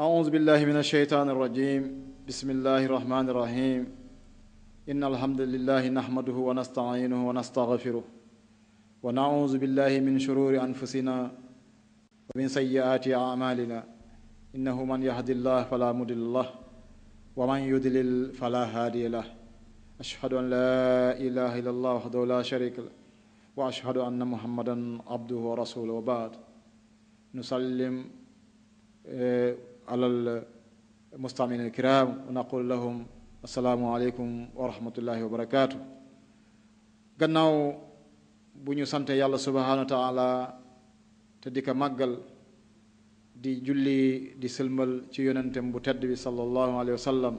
أعوذ بالله من الشيطان الرجيم بسم الله الرحمن الرحيم إن الحمد لله نحمده ونستعينه ونستغفره ونعوذ بالله من شرور أنفسنا ومن سيئات أعمالنا إنه من يهد الله فلا مضل له ومن يضلل فلا هادي له أشهد أن لا إله إلا الله وحده لا شريك له وأشهد أن محمدا عبده ورسوله وبعد نسلم آه، alal mustamiin alkiram wa naqul lahum assalaamu aleykum wa wa barakaatu gannaaw bu ñu sante yàlla subhaanahu wa taala te di ko màggal di julli di sëlmal ci yonentem bu tedd bi sallallahu alayhi wa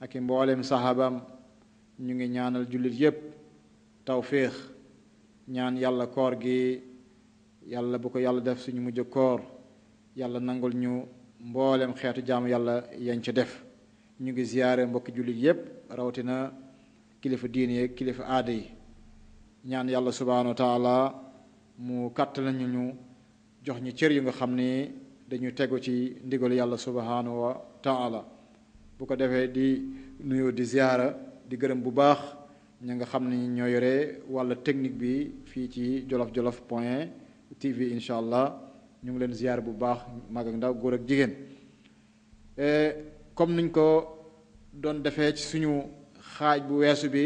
ak i mbooleem sahabaam ñu ngi ñaanal jullit yépp tawféex ñaan yàlla koor gi yàlla bu ko yàlla def suñu mujj koor yàlla nangul ñu mboolem xeetu jaamu yàlla yañ ci def ñu ngi ziyaare mbokki jullit yépp rawatina kilifa diine yeeg kilifa aada yi ñaan yàlla subhaanahu wa taala mu kàtt nañu ñu jox ñu cër yu nga xam ni dañu tegu ci ndigal yàlla subhaanahu wa taala bu ko defee di nuyoo di ziyaara di gërëm bu baax ña nga xam ni ñoo yore wàlla technique bi fii ci jolof jolof point tv incha allah ñu ngi leen ziar bu baax mag ndaw góor ak jigéen eh, comme niñ ko doon defee ci suñu xaaj bu weesu bi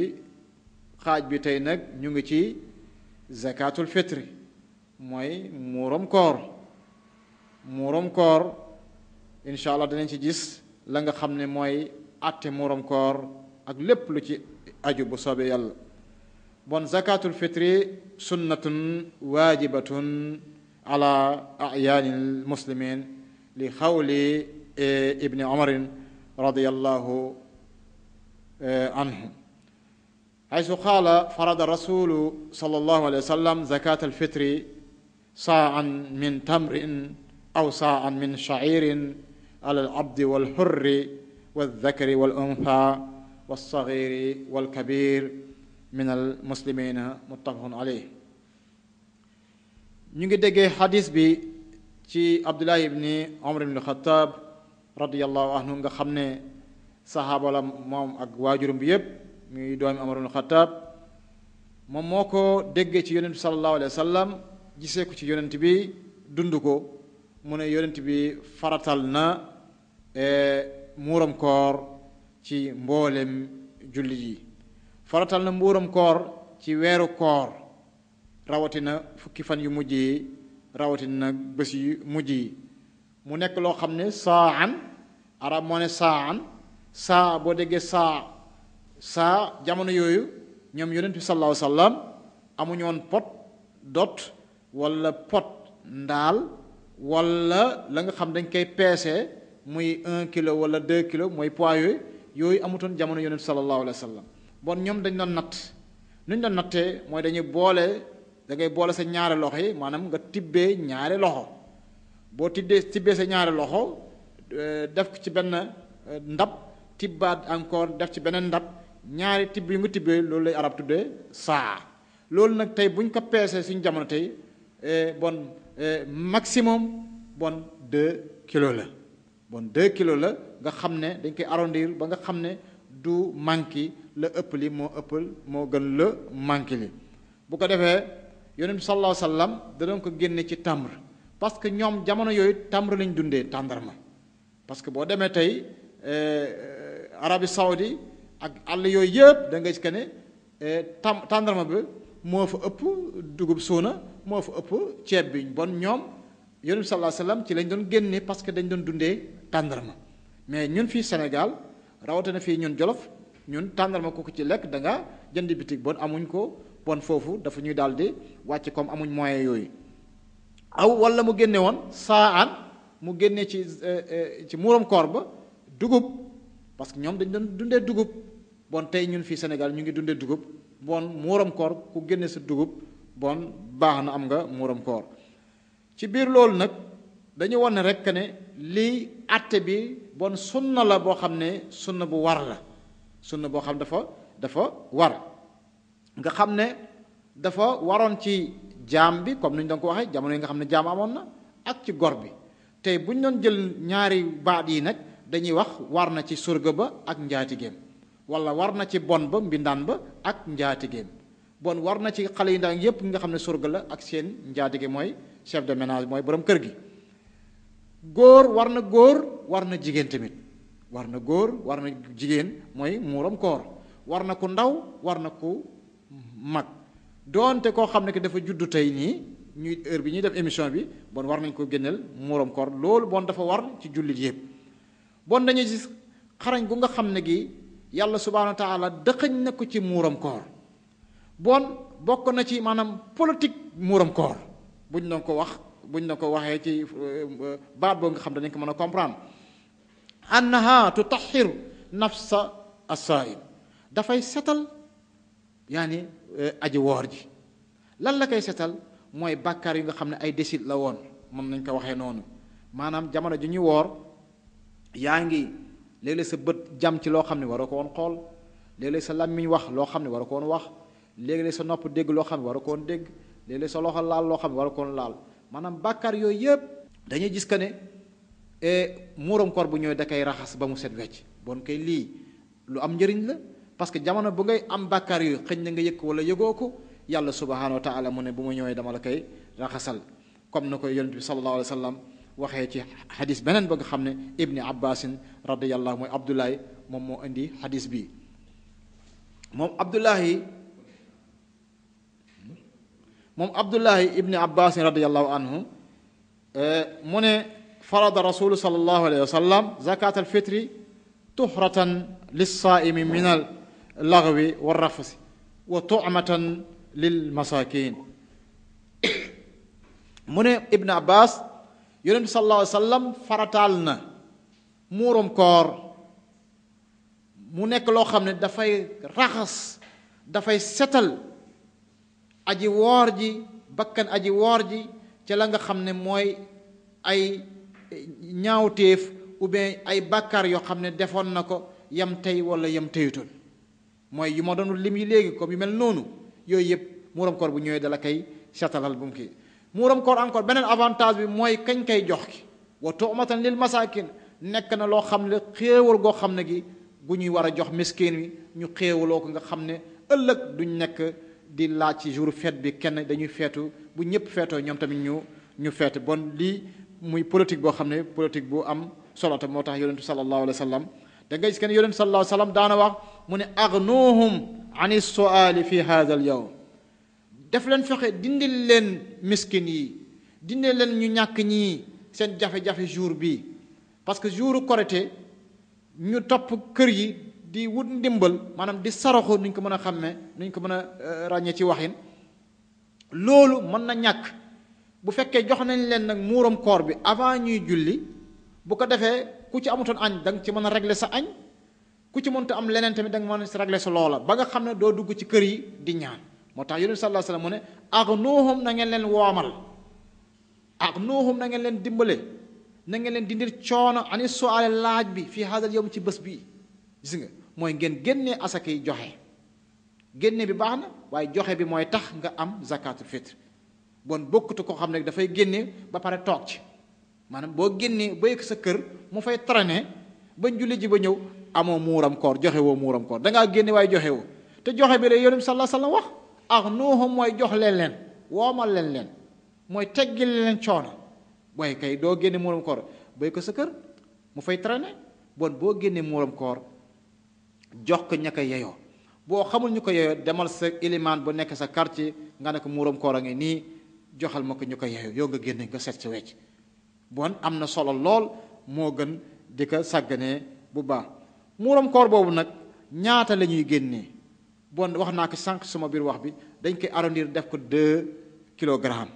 xaaj bi tey nag ñu ngi ci zakatul fitri mooy muurom koor muurom koor incha allah dinañ ci gis la nga xam ne mooy àtte muurom koor ak lépp lu ci aju bu soobee yàlla bon zakatul fitri sunnatun waajibatun على أعيان المسلمين لقول آه، ابن عمر رضي الله آه، عنه حيث قال فرض الرسول صلى الله عليه وسلم زكاة الفطر صاعا من تمر أو صاعا من شعير على العبد والحر والذكر والأنثى والصغير والكبير من المسلمين متفق عليه ñu ngi déggee xadis bi ci abdullah ibni omar ibn xataab radiallahu anhu nga xam ne saxaaba la moom ak waajurum bi yépp muy doomi omar ibn xataab moom moo ko déggee ci yonent bi salallahu alayhi wa sallam gisee ko ci yonent bi dund ko mu ne yonent bi faratal na e, muuram koor ci mboolem julli yi faratal na muuram koor ci weeru koor rawatina fukki fan yu mujj yi na nag bés yu mujj mu nekk loo ne saan arab moo ne saan saa boo déggee saa saa jamono yooyu ñoom yonent bi sallallahu alayhi wasallam amuñu pot dot wala pot ndaal wala la nga xam dañ koy peese muy un kilo wala deux kilo mooy poids yooyu yooyu amutoon jamono yonent bi sallallahu alayhi wasallam bon ñoom dañ doon nat nuñ doon nattee mooy dañuy boole da ngay boole sa ñaari loxo yi maanaam nga tibbee ñaari loxo boo tiddee tibbee sa ñaari loxo euh, def ci benn euh, ndab tibbaat encore def ci beneen ndab ñaari tibb yu nga tibbee loolu lay arab tuddee saa loolu nag tey buñ ko peesee suñ jamono tey euh, bon maximum bon de kilo la bon de kilos la nga xam ne dañ koy arrondir ba nga xam ne du manqué la ëpp li moo ëppal moo gën la manqué li bu ko defee yonent bi sallallahu alayhi wasallam da doon ko génne ci tàmr parce que ñoom jamono yooyu tàmr lañ dundee tàndarma parce que boo demee tey euh, arabi Saoudi ak àll yooyu yëpp da nga que ne euh, tam tàndarma bi moo fa ëpp dugub suuna moo fa ëpp ceeb bi bon ñoom yonent bi sallallahu ci lañ doon génne parce que dañ doon dundee tàndarma mais ñun fii Sénégal rawatina fii ñun Jolof ñun tàndarma kooku ci lekk da nga jënd bitig bon amuñ ko. bon foofu dafa ñuy daal di wàcc comme amuñ moyen yooyu aw wala mu génne woon saa an mu génne ci euh, euh, ci muuram koor ba dugub parce que ñoom dañ doon dundee dugub bon tey ñun fii Sénégal ñu ngi dundee dugub bon muuram koor ku génne sa dugub bon baax na am nga muuram koor ci biir loolu nag dañu wane rek ne lii àtte bi bon sunna la boo xam ne sunna bu war la sunna boo xam dafa dafa war nga xam ne dafa waroon ci jaam bi comme ni ñu doon ko waxee jamono yi nga xam ne jaam amoon na ak ci gor bi tey bu ñu doon jël ñaari baat yi nag dañuy wax war na ci surga ba ak njaatigeem walla war na ci bon ba mbindaan ba ak njaatigeem bon war na ci xale yu ndaw yépp nga xam ne surga la ak seen njaatige mooy chef de ménage mooy borom kër gi góor war na góor war na jigéen tamit war na góor war na jigéen mooy muuram koor war na ku ndaw war na ku mag doonte koo xam ne que dafa juddu tey nii ñuy heure bi ñuy def émission bi bon war nañ ko génneel muuram koor loolu bon dafa war ci jullit yëpp bon nañu gis xarañ gu nga xam ne gi yàlla subhaanahu wa taala dëxëñ na ko ci muuram koor bon bokk na ci maanaam politique muuram koor buñ doon ko wax buñ doon ko waxee ci euh, baat boo nga xam ne dañ ko mën a comprendre annaha tutahhiru nafsa as-saa'im dafay setal yaa ni euh, aji woor ji lan la koy setal mooy bàkkaar yu nga xam ne ay décide la woon mën nañ ko waxee noonu maanaam jamono ju ñu woor yaa ngi léeg-léeg sa bët jam ci loo xam ne waroo ko woon xool léeg-léeg sa làmmiñ wax loo xam ne waroo ko woon wax léegi léeg sa nopp dégg loo xam ne waroo dégg léeg-léeg sa loxo laal loo xam ne waroo ko laal maanaam bàkkaar yooyu yëpp dañuy gis que ne euh, muuram koor bu ñëwee da koy raxas ba mu set wecc boon koy lii lu am njëriñ la parce que jamono bu ngay am bakkar yu xëñ na nga yëkk wala yëgoo yàlla subhanahu wa taala mu ne bu ma ñëwee dama la koy raxasal comme na koy yonent bi sallallahu alayhi wasallam sallam waxee ci hadith beneen ba nga xam ne ibni abbasin radiallahu mooy abdoulahi moom moo indi hadith bii moom abdoulahi moom abdoulahi ibni abbasin radiallahu anhu mu ne فرض رسول rasulu sallallahu alayhi wa sallam zakat alfitri tuhratan lissaimi minal wa اللغو والرفث وطعمة للمساكين mu ne Ibn Abbas yonent bi sallallahu alayhi wa sallam farataal na muurum koor mu nekk loo xam ne dafay raxas dafay setal aji woor ji bakkan aji woor ji ca la nga xam ne mooy ay ñaawteef ou ay bàkkaar yoo xam ne defoon na ko yam tey walla yam teyutoon mooy yu ma doon lim yi léegi comme yu mel noonu yooyu yëpp muuram koor bu ñëwee dala kay chatalal bu mu kii muuram koor encore beneen avantage bi mooy kañ kay jox ki wa tu'matan lil masakin nekk na loo xam ne xéewal goo xam ne gi bu ñuy war a jox miskin wi ñu xéewaloo ko nga xam ne ëllëg duñ nekk di laaj ci jour fête bi kenn dañuy feetu bu ñëpp feetoo ñoom tamit ñu ñu feete bon lii muy politique boo xam ne politique bu am solo te moo tax yonentu sallallahu alayhi wa sallam da ngay gis kenn yonentu sallallahu alayhi wa sallam daana wax mu ne agnuhum an suali fi hada al yawm def leen fexe dindil leen miskin yi dindil leen ñu ñàkk ñi seen jafe-jafe jour bi parce que jouru korité ñu topp kër yi di wut ndimbal maanaam di saraxu nuñ ko mën a xàmmee nuñ ko mën a euh, ràññee ci waxin loolu mën na ñàkk bu fekkee jox nañ leen nag muuram koor bi avant ñuy julli bu ko defee ku ci amutoon añ da nga ci mën a régler sa añ ku ci mënta am leneen tamit danga nga mën a régler sa loola ba nga xam ne doo dugg ci kër yi di ñaan moo tax yonent sallallahu alayhi wasallam mu ne agnuhum na ngeen leen woomal agnuhum na ngeen leen dimbale na ngeen leen dindir coono ani su'aale laaj bi fii hadal yawm ci bés bii gis nga mooy ngeen génnee asaka yi joxe génne bi baax na waaye joxe bi mooy tax nga am zakatul fitr bon bokkatu ko xam ne dafay génne ba pare toog ci maanaam boo génnee ba sa kër mu fay traîner ba julli ji ba ñëw amoo muuram koor joxewoo muuram koor dangaa génne waaye joxe woo te joxe bi la yonent bi sallallahu alayhi wa sallam wax ak nuuxum mooy jox leen leen woomal leen leen mooy teggil leen coono waaye kay doo génne muuram koor sa kër mu fay traîner bon boo génne muuram koor jox ko ña ko yeyoo boo xamul ñu ko yeyoo demal sa ilimaan bu nekk sa quartier nga ne ko muuram koor a ngi nii joxal ma ko ñu ko yeyoo yow nga génne nga set ci wecc bon am na solo lool moo gën di ko sàgganee bu baax muuram koor boobu nag ñaata la ñuy génnee bon wax naa ko sànq sama biir wax bi dañ koy arrondir def ko deux kilogrammes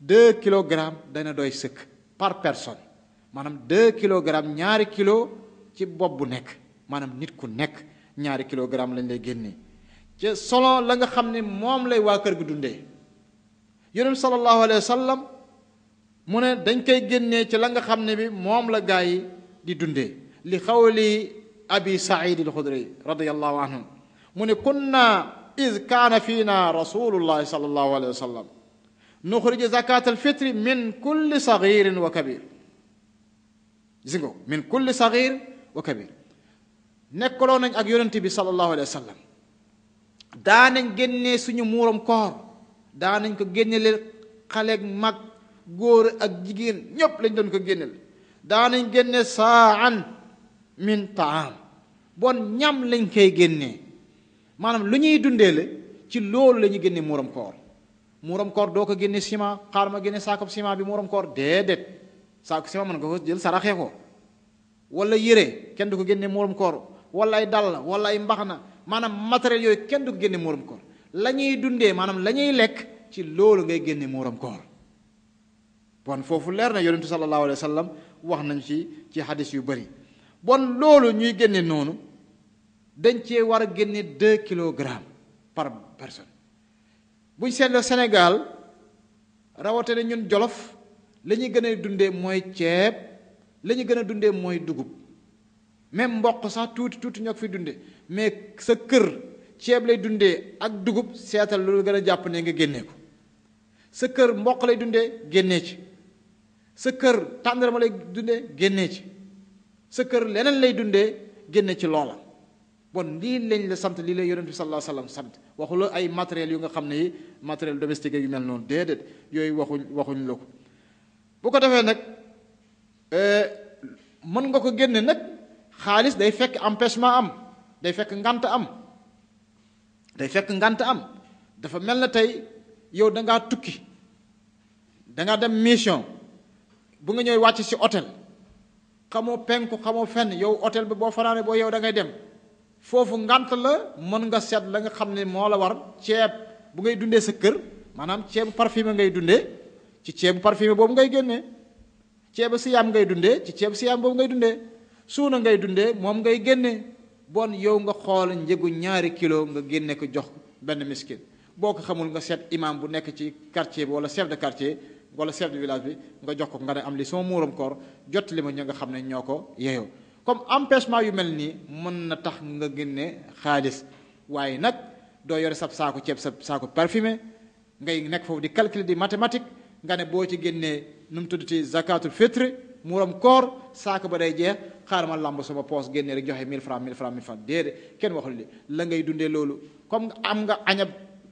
deux kilogrammes dana doy sëkk par personne maanaam deux kilogrammes ñaari kilo ci bopp bu nekk maanaam nit ku nekk ñaari kilogramme lañ lay génnee ci solo la nga xam ne moom lay waa kër gi dundee yonent sallallahu alayhi wa sallam mu ne dañ koy génnee ci la nga xam ne bi moom la gaa yi di dundee li xawli أبي سعيد الخدري رضي الله عنه من كنا إذ كان فينا رسول الله صلى الله عليه وسلم نخرج زكاة الفطر من كل صغير وكبير زنقو من كل صغير وكبير nekkoloo nañ ak yonent bi sallallahu alayhi wa sallam daanañ génnee suñu muuram koor daanañ ko génneleel xaleeg mag góor ak jigéen ñépp lañ doon ko génneel daanañ génne saan min taam bon ñam lañ koy génnee maanaam lu ñuy dundee la ci loolu la ñuy génne muuram koor muuram koor doo ko génne ciment xaar ma génne saako ciment bi muuram koor déedéet saako ciment mën nga ko jël saraxee ko wala yére kenn du ko génne muuram koor wala ay dal wala ay mbaxana maanaam matériel yooyu kenn du ko génne muuram koor la ñuy dundee maanaam la ñuy lekk ci loolu ngay génne muuram koor bon foofu leer na yonentu sallallahu alayhi wa sallam wax nañ ci ci hadis yu bëri bon loolu ñuy génne noonu dañ cee war a génne deux kilogrammes par personne buñ seetloo Sénégal rawatina ñun Jolof la ñuy gën a dundee mooy ceeb la ñuy gën a dundee mooy dugub même mboq sax tuuti tuuti ñoo ko fi dundee mais sa kër ceeb lay dundee ak dugub seetal loolu gën a jàpp ne nga génnee ko sa kër mboq lay dundee génnee ci sa kër tàndarma lay dundee génnee ci sa kër leneen lay dundee génne ci loola bon lii lañ la sant lii la yonent bi sallallahu alayhi wasallam sant ay matériel yu nga xam ne yi matériel domestique yu mel noonu déedéet yooyu waxuñ waxuñ la ko bu ko defee nag euh, mën nga ko génne nag xaalis day fekk empêchement am day fekk ngant am day fekk ngant am dafa mel na tey yow da ngaa tukki da ngaa dem mission bu nga ñëw wàcc ci hôtel xamoo penku xamoo fenn yow hôtel bi boo fanaane boo yow dangay dem foofu ngant la mën nga seet la nga xam ne moo la war ceeb bu ngay dundee sa kër maanaam ceebu parfumé ngay dundee ci ceeb parfumé boobu ngay génnee ceebu siyaam ngay dundee ci ceebu siyaam boobu ngay dundee suuna ngay dundee moom ngay génnee bon yow nga xool njëgu ñaari kilo nga génne ko jox benn miskin boo ko xamul nga seet imam bu nekk ci quartier bi wala chef de quartier wala chef de village bi nga jox ko nga ne am li sama muuram koor jot li ma ñu nga xam ne ñoo ko yeyoo comme empêchement yu mel nii mën na tax nga génne xaalis waaye nag doo yore sab saako ceeb sab saako parfumé ngay nekk foofu di calculer di mathématique nga ne boo ci génnee nu mu tudd ci zakatul fitri muuram saako ba day jeex xaaral ma lamb sama poos génne rek joxe 1000 francs 1000 francs 1000 francs déedéet kenn waxul li la ngay dundee loolu comme am nga añab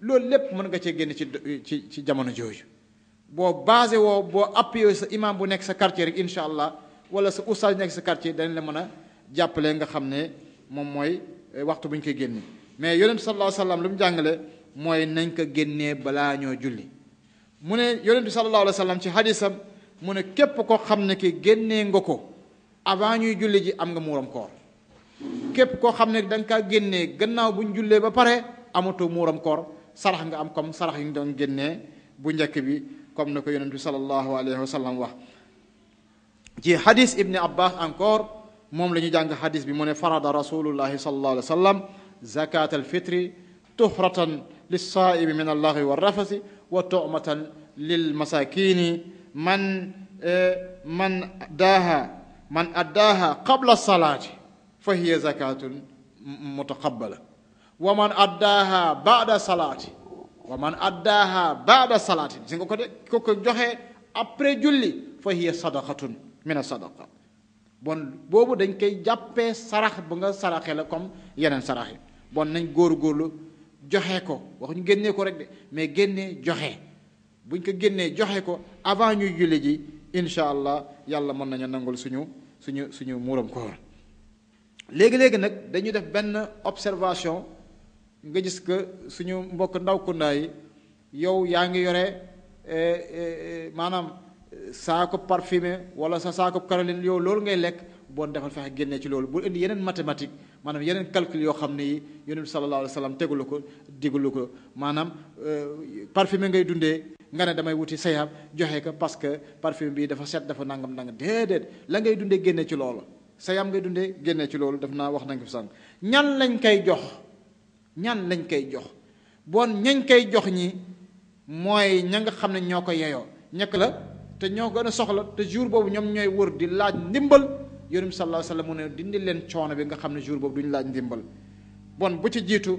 loolu lépp mën nga cee génne ci ci ci jamono jooju boo basé woo boo appuyé sa imam bu nekk sa quartier rek incha allah wala sa oustaz nekk sa quartier dañ la mën a jàppale nga xam ne moom mooy eh, waxtu bu koy génne mais yonent sallallahu alayhi wa sallam jàngale mooy nañ ko génnee balaa ñoo julli mu ne yonent sallallahu alayhi wa sallam ci hadisam mu ne képp koo xam ne ki génnee nga ko avant ñuy julli ji am nga muuram koor képp koo xam ne da nga kaa génnee gannaaw bu ñu jullee ba pare amatoo muuram koor sarax nga am comme sarax yi ñu doon génne bu njëkk bi comme na ko yonent bi sallallahu alayhi wa sallam wax ci hadis ibn abbas encore moom la ñu jàng hadis bi mu ne farada rasulullahi sallallahu alayhi wa sallam zakat alfitri tuhratan min للصائم من اللغو والرفث وتؤمة man من من داها من أداها قبل الصلاة فهي زكاة متقبلة wa man addaaha baada salaati wa man addaaha baada salaati si nga ko de ko ko joxee après julli fa hiya sadaqatun min a sadaqa bon boobu dañ koy jàppee sarax bu nga saraxe la comme yeneen sarax yi bon nañ góor-góorlu joxe ko wax ñu génnee ko rek de mais génnee joxe buñ ko génnee joxe ko avant ñuy julli ji incha allah yàlla mën nañu nangul suñu suñu suñu muuram koor léegi-léegi nag dañu def benn observation nga gis que suñu mbokk ndaw kundaa yow yaa ngi yore eh, eh, eh, maanaam saako parfumé wala sa saako caroline yow loolu ngay lekk bon defal fexe génnee ci loolu bu indi yeneen mathématique maanaam yeneen calcul yoo xam ni yi yonent bi sallallahu alayhi wa sallam tegulu ko digulu ko maanaam parfumé ngay dundee nga ne damay wuti sayab joxe ko parce que parfum bi dafa set dafa nangam nangam déedéet la ngay dundee génnee ci loolu sayab ngay dundee génnee ci loolu daf naa wax nañ ko sànq ñan lañ koy jox ñan lañ koy jox bon ñañ koy jox ñi mooy ña nga xam ne ñoo ko yeyoo ñekk la te ñoo gën a soxla te jour boobu ñoom ñooy wër di laaj ndimbal yonent bi sallallahu alayhi wasallam mu ne leen coono bi nga xam ne jour boobu duñ laaj ndimbal bon bu ci jiitu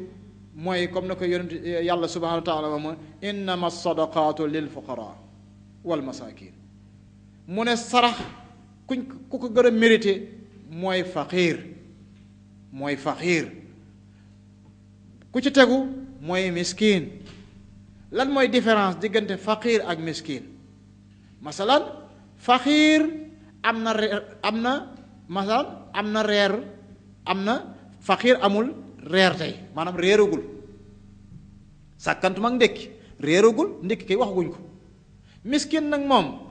mooy comme na ko yonent yàlla subhanahu wa taala ma innama sadaqaatu lil fuqara wal masakin mu ne sarax kuñ ku ko gën a mérité mooy faxiir mooy faqiir ku ci tegu mooy miskin lan mooy différence diggante faqiir ak miskin masalan faqiir am na reer am na masalan am na reer am na faqiir amul reer tey maanaam réeragul sàkkantuma ak ndékki réeragul ndékki kay waxaguñ ko miskin nag moom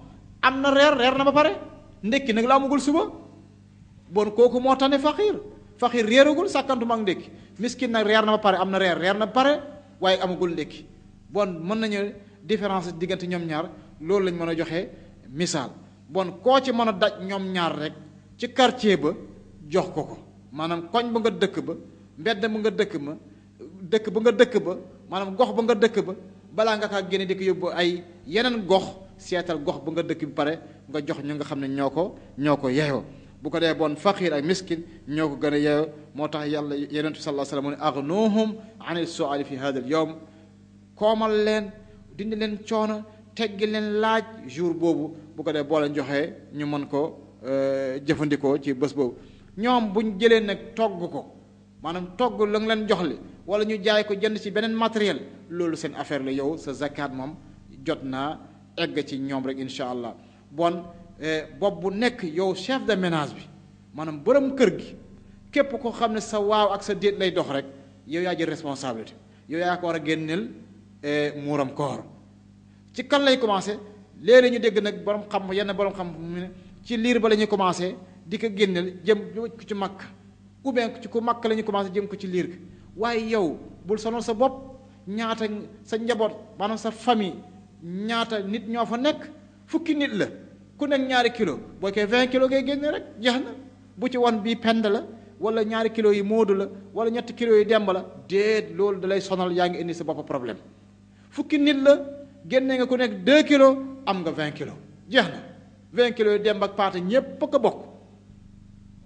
am na reer reer na ba pare ndékki nag la amagul suba bon kooku moo tane faqiir faxir réeragul sàkkantuma ak ndékki miskin nag reer na ba pare am na reer reer na ba pare waaye amagul ndékki bon mën nañu différence diggante ñoom ñaar loolu lañ mën a joxe misaal bon koo ci mën a daj ñoom ñaar rek ci quartier ba jox ko ko maanaam koñ ba nga dëkk ba mbedd mu nga dëkk ma dëkk ba nga dëkk ba maanaam gox ba nga dëkk ba balaa nga kaa génne di ko yóbbu ay yeneen gox seetal gox ba nga dëkk bi pare nga jox ñu nga xam ne ñoo ko ñoo ko yeyoo bu ko dee bon faqiir ak miskin ñoo ko gën a yeew moo tax yàlla yonent bi sallallahu alayhi wa sallam mu ne agnuhum ani suali fi hada al yawm koomal leen dindi leen coono teggi leen laaj jour boobu bu ko dee boo leen joxee ñu mën ko jëfandikoo ci bés boobu ñoom buñ jëlee nag togg ko maanaam togg la nga leen jox li wala ñu jaay ko jënd ci beneen matériel loolu seen affaire la yow sa zakat moom jot naa egg ci ñoom rek incha allah bon Eh, bopp bu nekk yow chef de ménage bi maanaam borom kër gi képp ko xam ne sa waaw ak sa déet lay dox rek yow yaa jël responsabilité yow yaa ko war a génneel eh, muuram koor ci kan lay commencé léeg ñu dégg nag borom xam yenn borom xam mu ci liir ba la ñuy commencé di ko génneel jëm ko ci makk oubien bien ci ku makk la ñuy commencé jëm ko ci liir gi waaye yow bul sonal sa bopp ñaata sa njaboot maanaam sa famille ñaata nit ñoo fa nekk fukki nit la. ku nekk ñaari kilo boo koy vingt kilo ngay génne rek jeex na bu ci wan bii pend la wala ñaari kilos yi moodu la wala ñetti kilos yi demb la déet loolu dalay sonal yaa ngi indi sa bopp problème fukki nit la génne nga ku nekk 2 kilos am nga 20 kilos jeex na 20 kilos yi demb ak paata ñépp ko bokk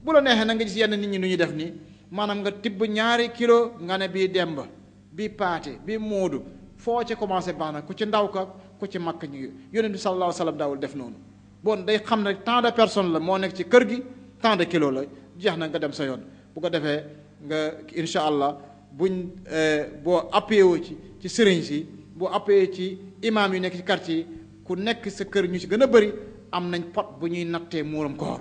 bu la neexee na nga gis yenn nit ñi nu ñuy def nii maanaam nga tibb ñaari kilo nga ne bii demb bii paate bii moodu foo ci commencé baax na ku ci ndaw ka ku ci makk ñu yonent bi sallallahu alayhi wa sallam daawul def noonu bon day xam ne tant de personnes la moo nekk ci kër gi tant de kilo la jeex na nga dem sa yoon bu ko defee nga incha allah buñ euh, boo appuyé wu ci ci sëriñ si boo appuyé ci imaam yu nekk ci quartier yi ku nekk sa kër ñu si gën a bëri am nañ pot bu ñuy nattee muuram koor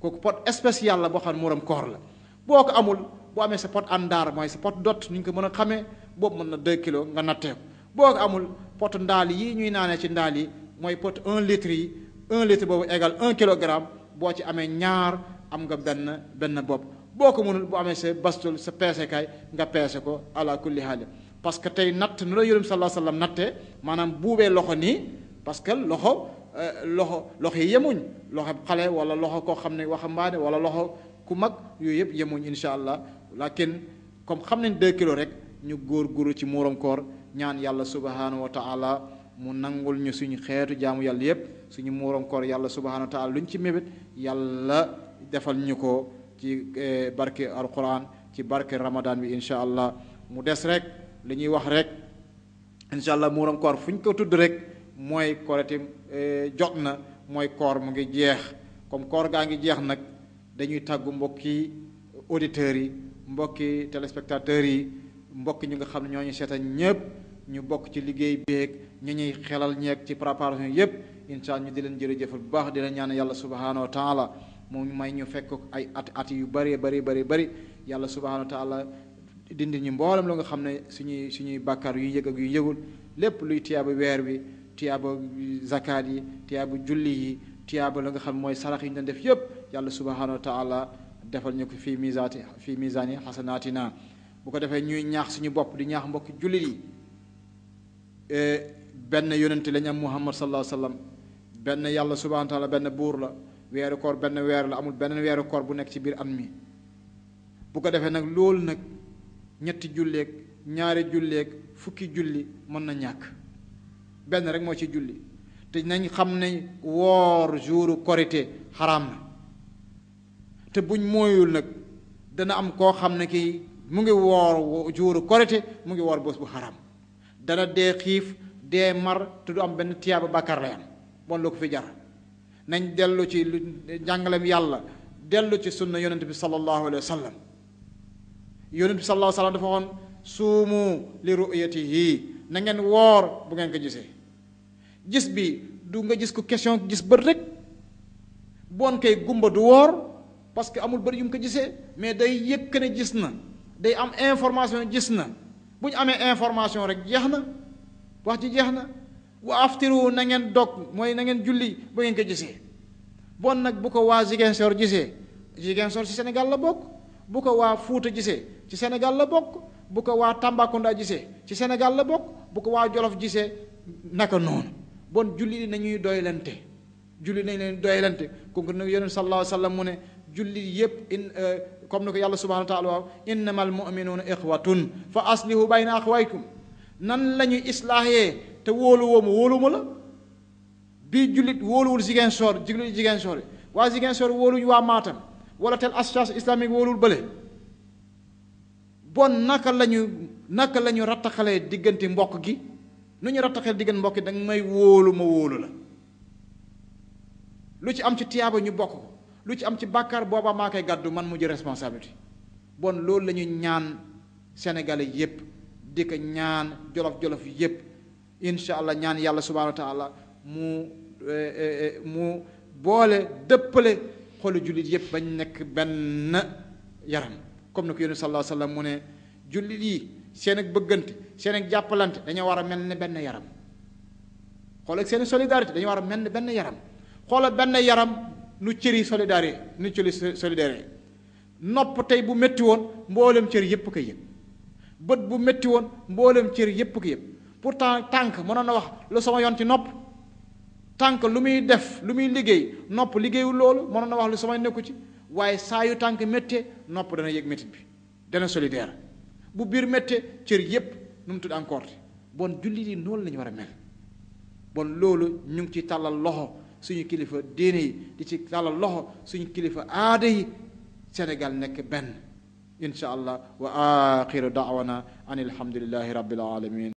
kooku pot spécial la boo xam ne mooroom koor la boo ko amul boo amee sa pot àndaar mooy sa pot dot nu ñu ko mën a xamee boobu mën na 2 kilos nga nattee ko boo ko amul pot ndaal yi ñuy naanee ci ndaal yi mooy pot 1 litre yi un litre boobu égal un kilo kilogramme boo ci amee ñaar am nga benn benn bopp boo ko mënul bu amee sa bastul sa peesekaay nga peese ko ala kulli haal parce que tey natt nu la yërëm salaa sallam nattee maanaam buubee loxo nii parce que loxo euh, loxo loxo yi yemuñ loxo xale wala loxo koo xam ne waxambaane wala loxo ku mag yooyu yëpp yemuñ incha allah lakin comme xam nañ deux kilos rek ñu góor góoru ci muuram koor ñaan yàlla subhanahu wa taala mu nangul ñu suñu xeetu jaamu yàlla yëpp suñu muuram koor yàlla subhanahu wa taala luñ ci mébét yàlla defal ñu ko ci eh, barke alquran ci barke ramadan bi incha allah mu des rek li ñuy wax rek incha allah muuram koor fu ñu ko tudd rek mooy korite eh, jot na mooy koor mu ngi jeex comme koor gaa ngi jeex nag dañuy tàggu mbokki auditeurs yi mbokki téléspectateurs yi mbokki ñu nga xam ne ñoo ñu seetaan ñëpp ñu bokk ci liggéey beeg ñu ñuy xelal ñeeg ci préparation yépp incha ñu di leen jërëjëfal bu baax di leen ñaan yàlla subhanahu wa taala moom may ñu fekk ay at at yu bëree bëri bëri bëri yàlla subhanahu wa taala dindi ñu mboolem la nga xam ne suñuy suñuy bàkkaar yu yëg ak yëgul lépp luy tiyaaba weer bi tiyaaba zakaat yi tiyaaba julli yi tiyaaba la nga xam mooy sarax yi ñu doon def yépp yàlla subhanahu wa defal ñu ko fii misaati fii misaani xasanaatina bu ko defee ñuy ñaax suñu bopp di ñaax mbokki jullit yi eh, benn yonente lañ am muhammad sallallahu alayhi wa benn yàlla subhaana taala benn buur la weeru koor benn weer la amul benn weeru koor bu nekk ci biir at mi bu ko defee nag loolu nag ñetti julleeg ñaari julleeg fukki julli mën na ñàkk benn rek moo ci julli te nañ xam ne woor jouru korité xaraam na te buñ mooyul nag dana am koo xam ne kii mu ngi woor jouru korité mu ngi woor bës bu xaraam dana dee xiif dee mar te du am benn tiyaaba bàkkaar lay am bon la ko fi jar nañ dellu ci lu njàngaleem yàlla dellu ci sunna yonent bi sallallahu alayhi wa sallam bi sallallahu alayhi dafa waxoon suumu li ru'yatihi na ngeen woor bu ngeen ko gisee gis bi du nga gis ko question gis bët rek boon kay gumba du woor parce que amul bët yu mu ko gisee mais day yëkk ne gis na day am information gis na bu ñu amee information rek jeex na wax ji jeex na wa aftiru na ngeen dog mooy na ngeen julli ba ngeen ko gisee bon nag bu ko waa Ziguinchor gisee Ziguinchor ci Sénégal la bokk bu ko waa Fuuta gisee ci Sénégal la bokk bu ko waa Tambacounda gisee ci Sénégal la bokk bu ko waa Jolof gisee naka noonu bon julli nañuy doylante julli nañ leen doylante kooku nag yonent sallallahu alayhi wa mu ne julli yépp in euh, comme ni ko yàlla subhanahu wa taala waaw innamal mu'minuuna ixwatun bay aslihu bayna axwaykum nan la ñu te wóolu ma wóolu la bii jullit wóoluwul Ziguinchor jullit Ziguinchor yi waa Ziguinchor wóoluñu waa maatam wala tel association islamique wóolul bële bon naka lañu naka la ñu diggante mbokk gi nu ñu rattaxalee diggante mbokk gi danga may wóolu ma wóolu la lu ci am ci tiyaaba ñu bokk lu ci am ci bàkkaar booba maa koy gàddu man mu jël responsabilité bon loolu lañu ñaan sénégalais yépp di ko ñaan jolof-jolof yépp incha allah ñaan yàlla subhanahu wa taala mu eh, eh, eh, mu boole dëppale xolu jullit yëpp bañ nekk benn yaram comme ni ko yónni sallallahu alayhi wa sallam mu ne jullit yi seen ak bëggante seen ak jàppalante dañoo war a mel ne benn yaram xool ak seen solidarité dañoo war a mel ne benn yaram xoola benn yaram nu cëri solidarité nu cëri solidarité nopp tey bu métti woon mboolem cër yëpp ko yëg bët bu métti woon mboolem cër yëpp ko yëg pourtant tànk mënoon na wax lu sama yon ci nopp tànk lu muy def lu muy liggéey nopp liggéeyul loolu mënoon na wax lu sama nekku ci waaye saa yu tànk méttee nopp dana yëg métit bi dana solidaire bu biir méttee cër yépp num mu tudd encore bon julli di noonu la ñu war a mel bon loolu ñu ngi ci tàllal loxo suñu kilifa diine yi di ci tàllal loxo suñu kilifa aada yi Sénégal nekk benn إن شاء الله وآخر دعوانا أن الحمد لله رب العالمين